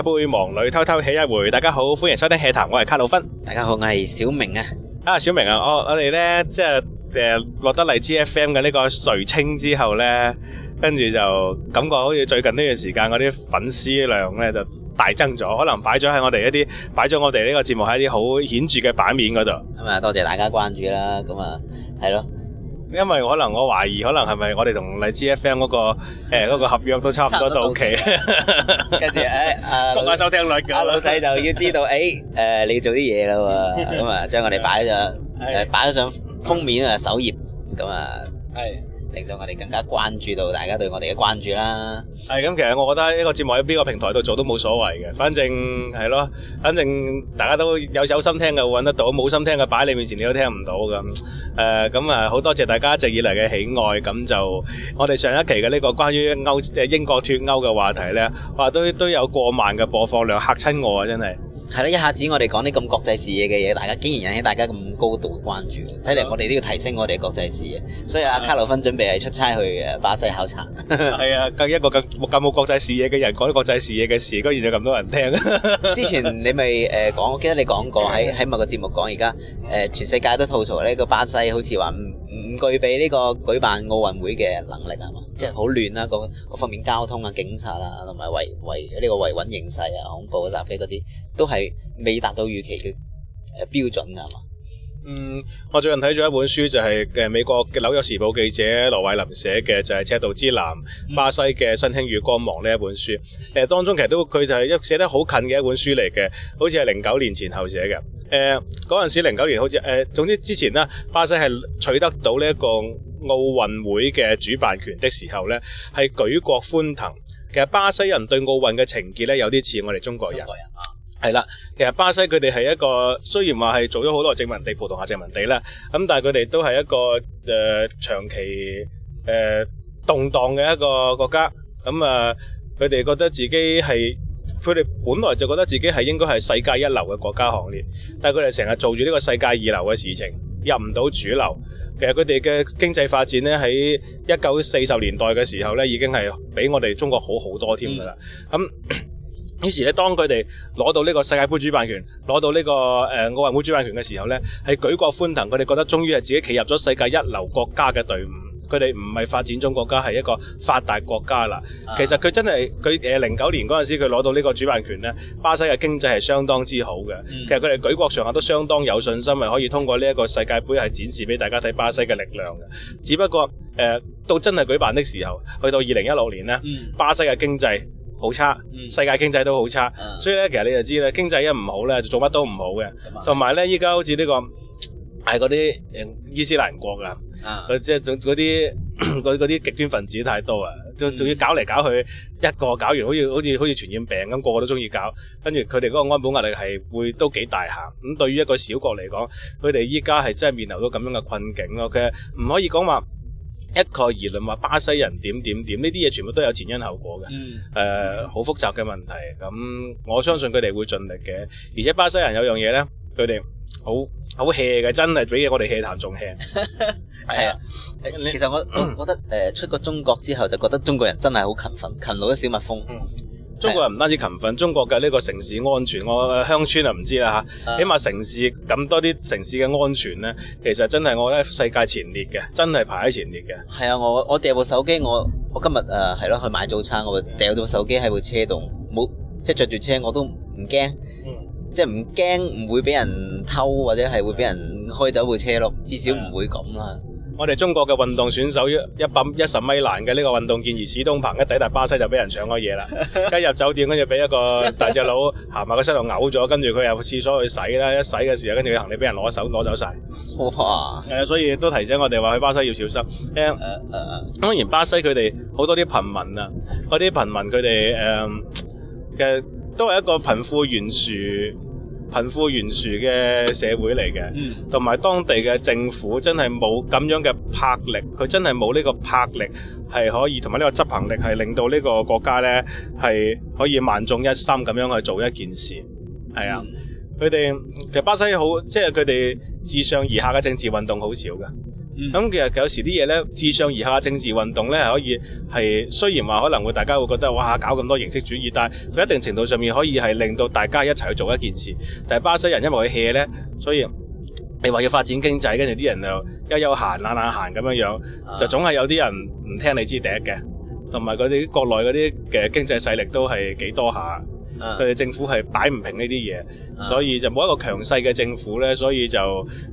一杯忙裏偷偷起一回，大家好，歡迎收聽《戲談》，我係卡路芬，大家好，我係小明啊。啊，小明啊，我我哋咧即係誒、呃、獲得荔枝 FM 嘅呢個垂青之後咧，跟住就感覺好似最近呢段時間我啲粉絲量咧就大增咗，可能擺咗喺我哋一啲，擺咗我哋呢個節目喺啲好顯著嘅版面嗰度，咁啊多謝大家關注啦，咁啊係咯。因為可能我懷疑，可能係咪我哋同荔枝 FM 嗰個誒、 欸嗰個合約都差唔多到期多，跟住誒降下收聽率嘅老細就要知道誒誒、哎呃、你做啲嘢啦，咁 啊將我哋擺咗擺咗上封面 頁啊首頁，咁啊係。令到我哋更加關注到大家對我哋嘅關注啦。係咁，其實我覺得呢個節目喺邊個平台度做都冇所謂嘅，反正係咯，反正大家都有有心聽嘅搵得到，冇心聽嘅擺你面前你都聽唔到咁。誒咁啊，好、嗯、多謝大家一直以嚟嘅喜愛。咁就我哋上一期嘅呢個關於歐誒英國脫歐嘅話題咧，哇都都有過萬嘅播放量，嚇親我啊，真係。係咯，一下子我哋講啲咁國際視野嘅嘢，大家竟然引起大家咁。高度關注，睇嚟我哋都要提升我哋國際視野。所以阿卡洛芬準備係出差去嘅巴西考察。係啊，咁一個咁咁冇國際視野嘅人講啲國際視野嘅事，居然仲咁多人聽。之前你咪誒講，我記得你講過喺喺某個節目講，而家誒全世界都吐槽呢個巴西好似話唔唔具備呢個舉辦奧運會嘅能力係嘛？即係好亂啊，各各方面交通啊、警察啊，同埋維維呢個維穩形勢啊、恐怖襲擊嗰啲，都係未達到預期嘅誒標準係嘛？嗯，我最近睇咗一本書，就係嘅美國嘅紐約時報記者羅偉林寫嘅，就是，就係《赤道之南：巴西嘅新興與光芒》呢一本書。誒、呃，當中其實都佢就係一寫得好近嘅一本書嚟嘅，好似係零九年前後寫嘅。誒、呃，嗰陣時零九年好似誒，總之之前咧，巴西係取得到呢一個奧運會嘅主辦權的時候呢係舉國歡騰。其實巴西人對奧運嘅情結呢，有啲似我哋中國人。係啦，其實巴西佢哋係一個雖然話係做咗好多殖民地、葡萄牙殖民地啦，咁但係佢哋都係一個誒、呃、長期誒、呃、動蕩嘅一個國家。咁、嗯、啊，佢、呃、哋覺得自己係，佢哋本來就覺得自己係應該係世界一流嘅國家行列，但係佢哋成日做住呢個世界二流嘅事情，入唔到主流。其實佢哋嘅經濟發展咧，喺一九四十年代嘅時候咧，已經係比我哋中國好好多添噶啦。咁、嗯嗯於是咧，當佢哋攞到呢個世界盃主辦權，攞到呢、這個誒、呃、奧運會主辦權嘅時候咧，係舉國歡騰。佢哋覺得終於係自己企入咗世界一流國家嘅隊伍。佢哋唔係發展中國家，係一個發達國家啦。其實佢真係佢誒零九年嗰陣時，佢攞到呢個主辦權咧，巴西嘅經濟係相當之好嘅。其實佢哋舉國上下都相當有信心，係可以通過呢一個世界盃係展示俾大家睇巴西嘅力量嘅。只不過誒、呃，到真係舉辦的時候，去到二零一六年咧，嗯、巴西嘅經濟，好差，世界經濟都好差，嗯、所以咧，其實你就知啦，經濟一唔好咧，就做乜都唔好嘅。同埋咧，依家好似呢、呢個係嗰啲誒伊斯蘭國啊，佢、嗯、即係嗰啲啲極端分子太多啊，仲仲、嗯、要搞嚟搞去，一個搞完好似好似好似傳染病咁，個個都中意搞，跟住佢哋嗰個安保壓力係會都幾大下。咁、嗯、對於一個小國嚟講，佢哋依家係真係面臨到咁樣嘅困境咯。其實唔可以講話。一概而論話巴西人點點點，呢啲嘢全部都有前因後果嘅，誒好複雜嘅問題。咁我相信佢哋會盡力嘅，而且巴西人有樣嘢咧，佢哋好好 hea 嘅，真係比我哋 hea 談仲 hea。係啊， 其實我，我覺得誒、呃、出過中國之後就覺得中國人真係好勤奮，勤勞啲小蜜蜂。嗯中國人唔單止勤奮，中國嘅呢個城市安全，我鄉村就唔知啦嚇。起碼城市咁多啲城市嘅安全咧，其實真係我喺世界前列嘅，真係排喺前列嘅。係啊，我我掉部手機，我機我，我今日誒係咯去買早餐，我掉咗部手機喺部車度，冇即係著住車我都唔驚，嗯、即係唔驚唔會俾人偷或者係會俾人開走部車咯，至少唔會咁啦。我哋中國嘅運動選手一一百一十米欄嘅呢個運動健兒史冬鵬一抵達巴西就俾人搶咗嘢啦！一入 酒店，跟住俾一個大隻佬行埋個身度嘔咗，跟住佢入廁所去洗啦，一洗嘅時候，跟住佢行李俾人攞手攞走晒。走哇！係啊、嗯，所以都提醒我哋話去巴西要小心。誒誒誒，當然巴西佢哋好多啲貧民啊，嗰啲貧民佢哋、uh, 其實都係一個貧富懸殊。貧富懸殊嘅社會嚟嘅，同埋、嗯、當地嘅政府真係冇咁樣嘅魄力，佢真係冇呢個魄力係可以同埋呢個執行力係令到呢個國家咧係可以萬眾一心咁樣去做一件事。係啊，佢哋、嗯、其實巴西好，即係佢哋自上而下嘅政治運動好少㗎。咁、嗯、其實有時啲嘢咧，自上而下政治運動咧，可以係雖然話可能會大家會覺得哇，搞咁多形式主義，但係佢一定程度上面可以係令到大家一齊去做一件事。但係巴西人因為佢 hea 咧，所以你話要發展經濟，跟住啲人又一休閒懶懶閒咁樣樣，啊、就總係有啲人唔聽你支笛嘅，同埋嗰啲國內嗰啲嘅經濟勢力都係幾多下。佢哋政府係擺唔平呢啲嘢，所以就冇一個強勢嘅政府咧，所以就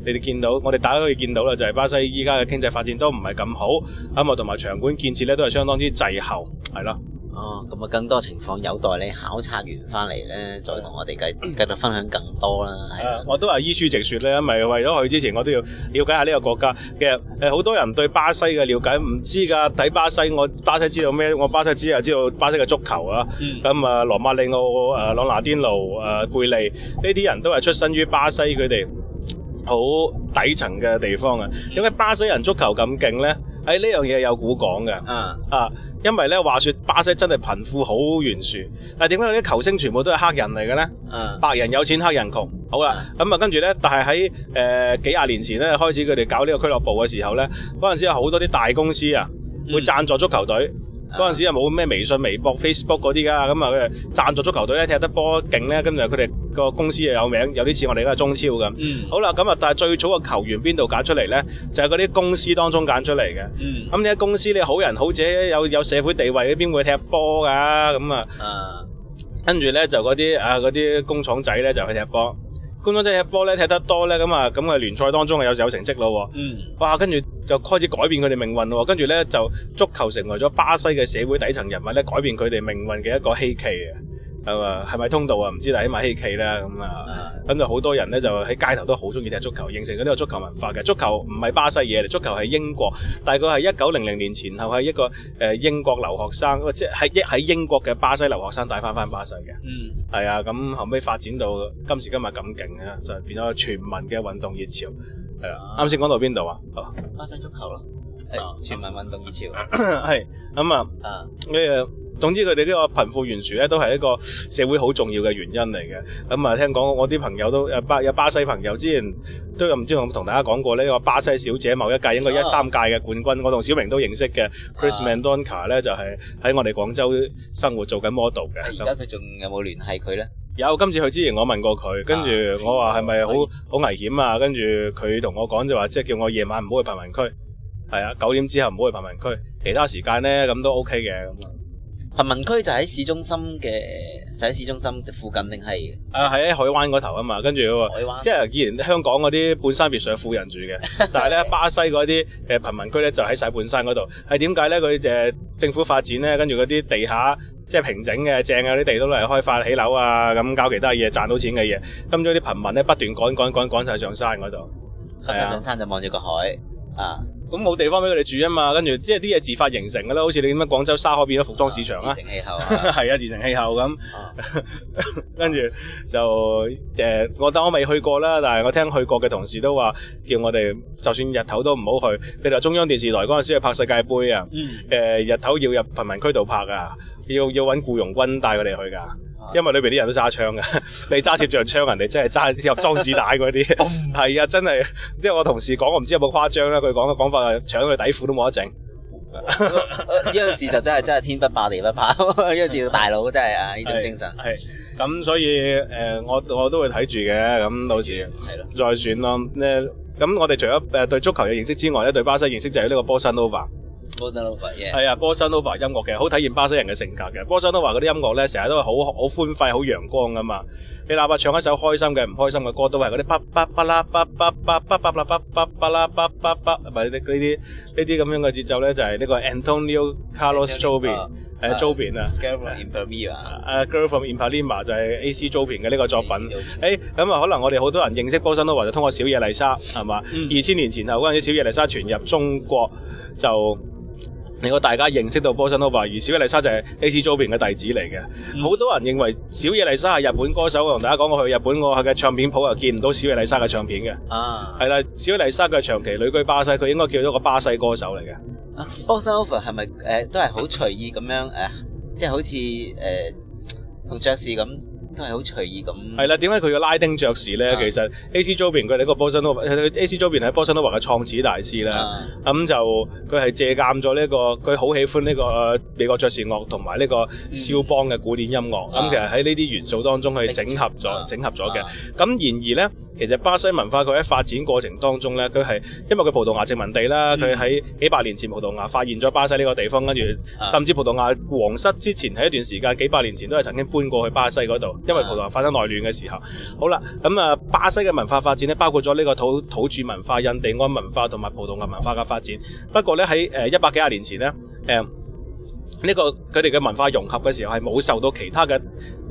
你哋見到，我哋大家都見到啦，就係巴西依家嘅經濟發展都唔係咁好，咁啊同埋場館建設咧都係相當之滯後，係啦。哦，咁啊，更多情況有待你考察完翻嚟咧，再同我哋介，繼續分享更多啦。係啊，我都話依書直説咧，因為為咗去之前，我都要了解下呢個國家。其實誒，好多人對巴西嘅了解唔知㗎。睇巴西，我巴西知道咩？我巴西知啊，知道巴西嘅足球啊。咁啊、嗯，羅馬利奧、誒朗拿甸奴、誒、啊、貝、嗯啊、利呢啲人都係出身於巴西，佢哋好底層嘅地方啊。點解、嗯、巴西人足球咁勁咧？喺呢樣嘢有古講嘅，啊，啊，因為咧話說巴西真係貧富好懸殊，但係點解啲球星全部都係黑人嚟嘅咧？啊，白人有錢，黑人窮。好啦，咁啊跟住咧，但係喺誒幾廿年前咧開始佢哋搞呢個俱樂部嘅時候咧，嗰陣時有好多啲大公司啊會贊助足球隊。嗯嗰陣時又冇咩微信、微博、Facebook 嗰啲㗎，咁啊佢哋贊助足球隊咧，踢得波勁咧，跟住佢哋個公司又有名，有啲似我哋而家中超咁。嗯、好啦，咁啊，但係最早個球員邊度揀出嚟咧？就係嗰啲公司當中揀出嚟嘅。咁你喺公司咧，好人好者有有社會地位，邊會踢波㗎？咁啊，跟住咧就嗰啲啊啲工廠仔咧就去踢波。工裝仔踢波咧，踢得多咧，咁啊，咁啊，聯賽當中有時有成績咯。嗯。哇！跟住就開始改變佢哋命運咯。跟住咧，就足球成為咗巴西嘅社會底層人物咧，改變佢哋命運嘅一個希冀。係咪通道啊？唔知，但係起碼希冀啦咁啊。咁就好多人咧，就喺街頭都好中意踢足球，形成咗呢個足球文化嘅足球唔係巴西嘢，嚟足球係英國，大概係一九零零年前後係一個誒英國留學生，即係喺喺英國嘅巴西留學生帶翻翻巴西嘅。嗯，係啊。咁後尾發展到今時今日咁勁啊，就係變咗全民嘅運動熱潮係啊。啱先講到邊度啊？巴西足球咯。全民、啊、運動熱潮係咁啊！咩、 嗯嗯、總之佢哋呢個貧富懸殊咧，都係一個社會好重要嘅原因嚟嘅。咁、嗯、啊，聽講我啲朋友都有巴有巴西朋友，之前都有唔知有冇同大家講過呢個巴西小姐某一屆應該一三屆嘅冠軍，啊、我同小明都認識嘅 Chris、啊、Mandonca 咧，就係、是、喺我哋廣州生活做緊 model 嘅。而家佢仲有冇聯繫佢咧？有，今次去之前，我問過佢，跟住我話係咪好好危險啊？跟住佢同我講就話，即係叫我夜晚唔好去貧民區。係啊，九點之後唔好去貧民區，其他時間咧咁都 O K 嘅，咁啊。貧民區就喺市中心嘅，就喺、係、市中心附近定係啊，喺海灣嗰頭啊嘛，跟住啊，海灣即係既然香港嗰啲半山別墅富人住嘅， 但係咧巴西嗰啲誒貧民區咧就喺曬半山嗰度。係點解咧？佢誒政府發展咧，跟住嗰啲地下即係平整嘅正啊啲地都嚟開發起樓啊，咁搞其他嘢賺到錢嘅嘢，咁將啲貧民咧不斷趕趕趕趕晒上山嗰度，趕曬上山就望住個海啊。啊啊啊咁冇地方俾佢哋住啊嘛，跟住即係啲嘢自發形成噶啦，好似你點樣廣州沙河變咗服裝市場啊，自成氣候，係啊，自成氣候咁，跟、啊、住就誒、呃，我當我未去過啦，但係我聽去過嘅同事都話叫我哋就算日頭都唔好去，譬如話中央電視台嗰陣時去拍世界盃啊，誒、嗯呃，日頭要入貧民區度拍噶，要要揾僱傭軍帶佢哋去噶。因為裏邊啲人都揸槍嘅， 你揸攝像槍， 人哋真係揸入裝子彈嗰啲，係啊， 真係，即係我同事講，我唔知有冇誇張啦，佢講嘅講法係搶佢底褲都冇得整，呢件事就真係真係天不怕地不怕，呢件事大佬真係啊呢種精神。係，咁所以誒、呃，我我都會睇住嘅，咁到時再選咯。咧咁的我哋除咗誒對足球嘅認識之外咧，對巴西認識就係呢個 Bossa Nova。波什諾瓦嘅係啊，波什諾瓦音樂其實好體現巴西人嘅性格嘅。波什諾瓦嗰啲音樂咧，成日都係好好歡快、好陽光噶嘛。你喇叭唱一首開心嘅、唔開心嘅歌，都係嗰啲啪啪啪啦、啪啪、啪啪啪啦、啪啪啪啦、啪啪啪。唔係呢啲呢啲咁樣嘅節奏咧，就係呢個 Antonio Carlos Jobim 誒 Jobim 啊，Girl from Ipanema，Girl from Ipanema 就係 A.C. Jobim 嘅呢個作品。誒咁啊，可能我哋好多人認識波什諾瓦就通過小野麗莎係嘛？二千年前後嗰陣時，小野麗莎傳入中國就。令到大家認識到 Bossa Nova，而小野麗莎就係 A.C. Jobim 嘅弟子嚟嘅。好、嗯、多人認為小野麗莎係日本歌手，我同大家講過，去日本我嘅唱片鋪又見唔到小野麗莎嘅唱片嘅。啊，係啦，小野麗莎佢長期旅居巴西，佢應該叫做個巴西歌手嚟嘅。Bossa Nova 係咪誒都係好隨意咁樣誒，即、呃、係、就是、好似誒同爵士咁。真係好隨意咁。係啦，點解佢個拉丁爵士咧？其實 AC Jobim 佢係一個波森奴 AC Jobim 係喺波森奴華嘅創始大師啦。咁就佢係借鑒咗呢個，佢好喜歡呢個美國爵士樂同埋呢個肖邦嘅古典音樂。咁其實喺呢啲元素當中去整合咗，整合咗嘅。咁然而咧，其實巴西文化佢喺發展過程當中咧，佢係因為佢葡萄牙殖民地啦，佢喺幾百年前葡萄牙發現咗巴西呢個地方，跟住甚至葡萄牙皇室之前喺一段時間幾百年前都係曾經搬過去巴西嗰度。因為葡萄牙發生內亂嘅時候，好啦，咁、嗯、啊，巴西嘅文化發展咧，包括咗呢個土土著文化、印第安文化同埋葡萄牙文化嘅發展。不過呢，喺誒一百幾廿年前呢，誒、呃、呢、這個佢哋嘅文化融合嘅時候，係冇受到其他嘅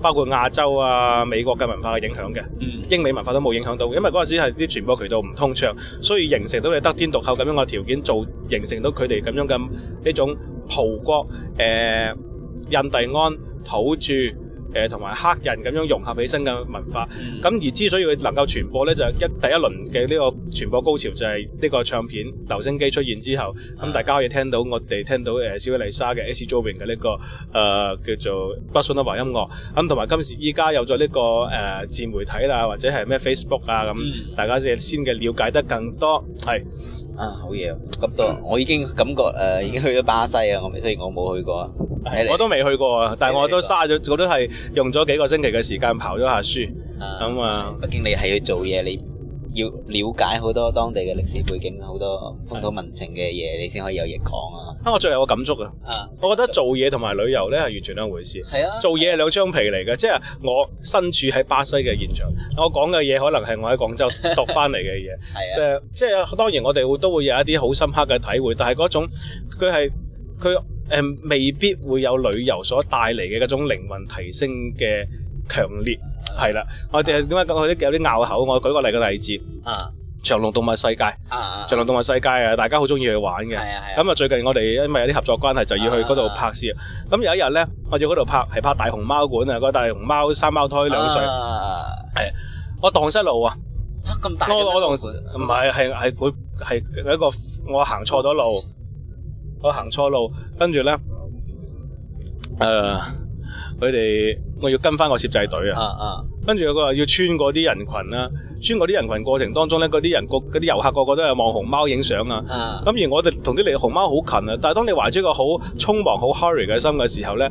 包括亞洲啊、美國嘅文化嘅影響嘅。嗯、英美文化都冇影響到，因為嗰陣時係啲傳播渠道唔通暢，所以形成到你得天獨厚咁樣嘅條件，做形成到佢哋咁樣嘅呢種葡國誒、呃、印第安土著。誒同埋黑人咁樣融合起身嘅文化，咁、嗯、而之所以佢能夠傳播呢，就是、一第一輪嘅呢個傳播高潮就係呢個唱片留聲機出現之後，咁、嗯、大家可以聽到我哋聽到誒小野麗莎嘅、嗯《Sjwring、這個》嘅呢個誒叫做 Bossa Nova 音樂，咁同埋今時依家有咗呢、這個誒自、呃、媒體啦，或者係咩 Facebook 啊咁，嗯嗯、大家先嘅了解得更多，係。啊，好嘢！咁多，嗯、我已經感覺誒、呃，已經去咗巴西啊，所以我雖然我冇去過，是你你我都未去過啊，但我都嘥咗，你你我都係用咗幾個星期嘅時間刨咗下書，咁啊，畢竟、啊、你係要做嘢你。要了解好多當地嘅歷史背景，好多風土民情嘅嘢，的你先可以有嘢講啊！啊，我最有個感觸啊！啊，我覺得做嘢同埋旅遊咧係完全兩回事。係啊的，做嘢係兩張皮嚟嘅，的即係我身處喺巴西嘅現場， 我講嘅嘢可能係我喺廣州讀翻嚟嘅嘢。係啊 的，即係當然我哋會都會有一啲好深刻嘅體會，但係嗰種佢係佢誒未必會有旅遊所帶嚟嘅嗰種靈魂提升嘅強烈。係啦，我哋點解講有啲拗口？我舉個例嘅例子，啊，長隆動物世界，啊啊，長隆動物世界啊長隆動物世界啊，大家好中意去玩嘅，係啊係。咁啊，最近我哋因為有啲合作關係，就要去嗰度拍攝。咁有一日咧，我哋嗰度拍，係拍大熊貓館啊，個大熊貓三胞胎兩歲，係，我盪失路啊，咁大個，我當時唔係係係佢係一個我行錯咗路，我行錯路，跟住咧，誒。佢哋我要跟翻個攝製隊啊，跟住佢話要穿過啲人群啊，穿過啲人群過程當中咧，嗰啲人個嗰啲遊客個個都係望熊貓影相啊，咁、uh, 而我哋同啲嚟熊貓好近啊，但係當你懷住一個好匆忙、好 hurry 嘅心嘅時候咧，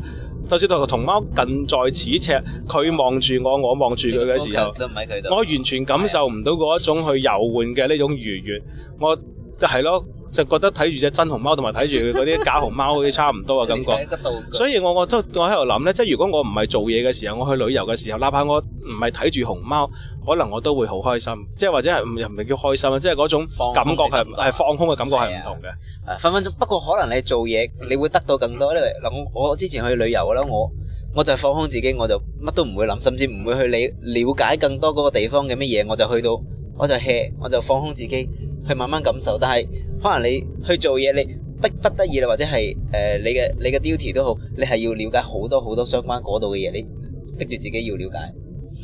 就算同熊貓近在咫尺，佢望住我，我望住佢嘅時候，uh, uh, 我完全感受唔到嗰一種去遊玩嘅呢種愉悅，我係咯。就是就覺得睇住隻真熊貓同埋睇住嗰啲假熊貓啲差唔多嘅感覺， 所以我我都我喺度諗咧，即係如果我唔係做嘢嘅時候，我去旅遊嘅時候，哪怕我唔係睇住熊貓，可能我都會好開心，即係或者係又唔係叫開心啊，即係嗰種感覺係係放空嘅感覺係唔是同嘅、啊、分分鐘。不過可能你做嘢，你會得到更多。因為嗱，我我之前去旅遊嘅啦，我我就放空自己，我就乜都唔會諗，甚至唔會去理了解更多嗰個地方嘅乜嘢，我就去到，我就吃，我就放空自己。去慢慢感受，但係可能你去做嘢，你逼不，不得已啦，或者係誒、呃、你嘅你嘅 duty 都好，你係要了解好多好多，多相關嗰度嘅嘢，你逼住自己要了解。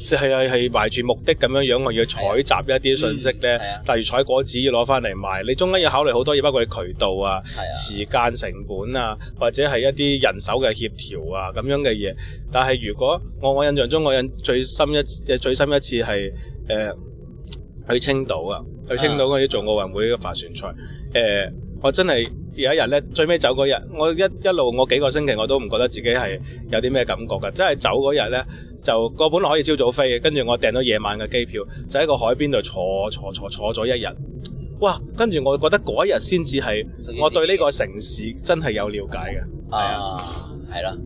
係係係懷住目的咁樣樣我要採集一啲信息咧，啊、例如採果子要攞翻嚟賣，啊、你中間要考慮好多嘢，包括渠道啊、啊時間成本啊，或者係一啲人手嘅協調啊咁樣嘅嘢。但係如果我我印象中我印象最深一嘅最深一次係誒。去青島啊！去青島嗰啲做奧運會嘅帆船賽。誒、呃，我真係有一日咧，最尾走嗰日，我一一路我幾個星期我都唔覺得自己係有啲咩感覺噶。真係走嗰日咧，就個本來可以朝早飛嘅，跟住我訂咗夜晚嘅機票，就喺個海邊度坐坐坐坐咗一日。哇！跟住我覺得嗰一日先至係我對呢個城市真係有了解嘅。啊，係咯。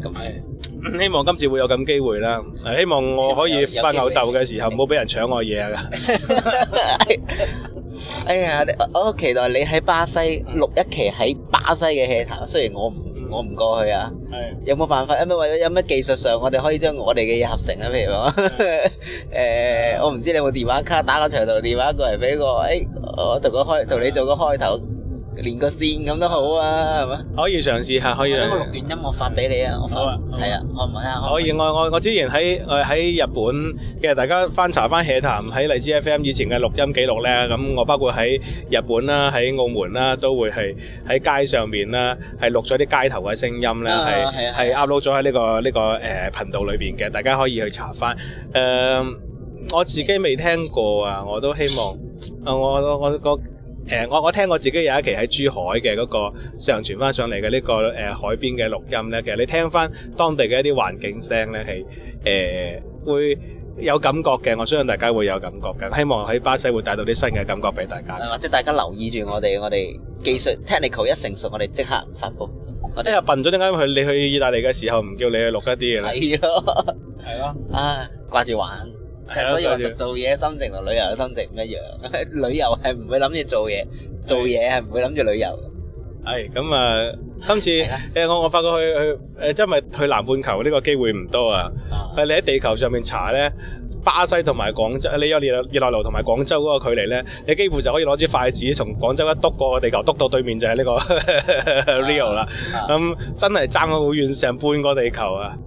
咁啊！希望今次會有咁機會啦！希望我可以發吽哣嘅時候唔好畀人搶我嘢啊！ 哎呀，我好期待你喺巴西錄、嗯、一期喺巴西嘅戲頭，雖然我唔我唔過去啊，嗯、有冇辦法？有冇或者有咩技術上，我哋可以將我哋嘅嘢合成咧、啊？譬如話，誒、 哎，我唔知你有冇電話卡，打個長途電話過嚟畀我，誒、哎，我同個開同你做個開頭。嗯連個線咁都好啊，係咪？可以嘗試下，可以。我錄段音樂發俾你啊，我發。好啊。係啊，可唔可以啊？可以，我我我之前喺誒喺日本，其實大家翻查翻喜談喺荔枝 FM 以前嘅錄音記錄咧，咁我包括喺日本啦，喺澳門啦，都會係喺街上面啦，係錄咗啲街頭嘅聲音咧，係係 upload 咗喺呢個呢個誒頻道裏邊嘅，大家可以去查翻。嗯，我自己未聽過啊，我都希望，誒我我我。誒，我我聽我自己有一期喺珠海嘅嗰個上傳翻上嚟嘅呢個誒、呃、海邊嘅錄音咧，其實你聽翻當地嘅一啲環境聲咧，係誒、呃、會有感覺嘅。我相信大家會有感覺嘅，希望喺巴西會帶到啲新嘅感覺俾大家。或者大家留意住我哋，我哋技術 technical 一成熟，我哋即刻發布。我聽日笨咗點解去你去意大利嘅時候唔叫你去錄一啲嘅咧？係咯的，係咯的。啊， 掛住玩。所以我哋做嘢心情同旅遊嘅心情唔一樣。 旅遊係唔會諗住做嘢，做嘢係唔會諗住旅遊。係咁啊！今次誒的我我發覺去去誒，因為去南半球呢個機會唔多啊。係你喺地球上面查咧，巴西同埋廣州，你由熱熱內盧同埋廣州嗰個距離咧，你幾乎就可以攞支筷子從廣州一篤過個地球篤到對面就係呢、呢個 Rio 啦。咁真係爭咗好遠，成半個地球啊！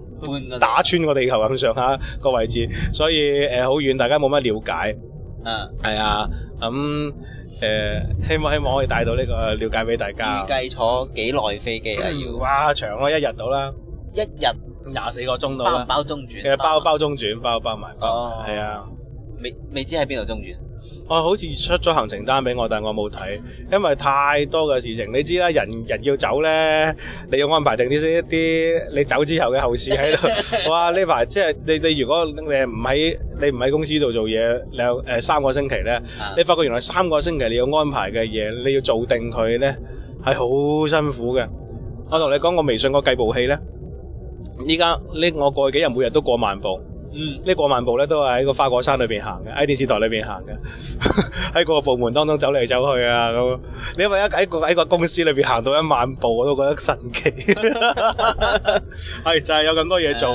打穿個地球咁上下個位置，所以誒好遠，大家冇乜了解。啊啊、嗯，係啊，咁誒，希望希望可以帶到呢個了解俾大家。預計坐幾耐飛機啊？要哇長咯，一日到啦。一日廿四個鐘到。包包中轉？包包中轉，包包埋，包係啊。未未知喺邊度中轉？我好似出咗行程單畀我，但係我冇睇，因為太多嘅事情。你知啦，人人要走咧，你要安排定啲一啲你走之後嘅後事喺度。哇！呢排即係你你如果你唔喺你唔喺公司度做嘢兩誒三個星期咧，你發覺原來三個星期你要安排嘅嘢你要做定佢咧，係好辛苦嘅。我同你講，我微信我計步器咧，依家呢我過去幾日每日都過萬步。嗯，個漫呢個萬步咧都係喺個花果山裏邊行嘅，喺電視台裏邊行嘅，喺 各個部門當中走嚟走去啊咁。你、這、因、個這個、一喺個喺個，個公司裏邊行到一萬步我都覺得神奇，係就係有咁多嘢做。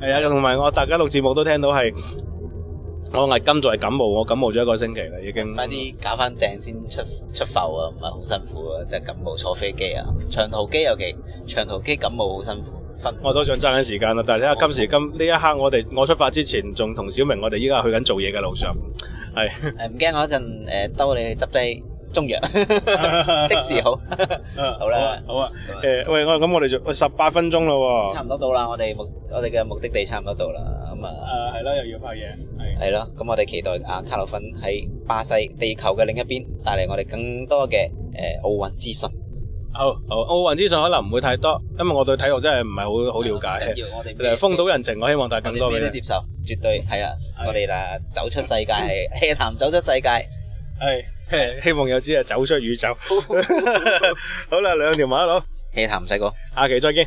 係啊的，同埋我大家錄節目都聽到係， 我係今在係感冒，我感冒咗一個星期啦已經。快啲搞翻正先出出，出埠啊，唔係好辛苦啊，即、就、係、是、感冒坐飛機啊，長途機尤其長途機感冒好辛苦。分分我都想揸緊時間啦，但係睇下今時今呢一刻我，我哋我出發之前仲同小明，我哋依家去緊做嘢嘅路上，係誒唔驚，嗯、我一陣誒兜你去執劑中藥， 即時好， 好啦、啊，好啊，誒、啊欸、喂，我咁我哋就十八分鐘啦、哦，差唔多到啦，我哋目我哋嘅目的地差唔多到啦，咁啊誒係咯，又要拍嘢係係咯，咁我哋期待阿卡洛芬喺巴西地球嘅另一邊帶嚟我哋更多嘅誒奧運資訊。呃呃呃好好，奧運資訊可能唔會太多，因為我對體育真係唔係好好了解。要風土人情，麼我希望帶更多嘅。邊都接受，絕對係啊！啊我哋啦，走出世界係氣壇，嗯、氣走出世界係、啊啊，希望有朝一日走出宇宙。 好啦，兩條馬騮，氣壇唔使講。下期再見。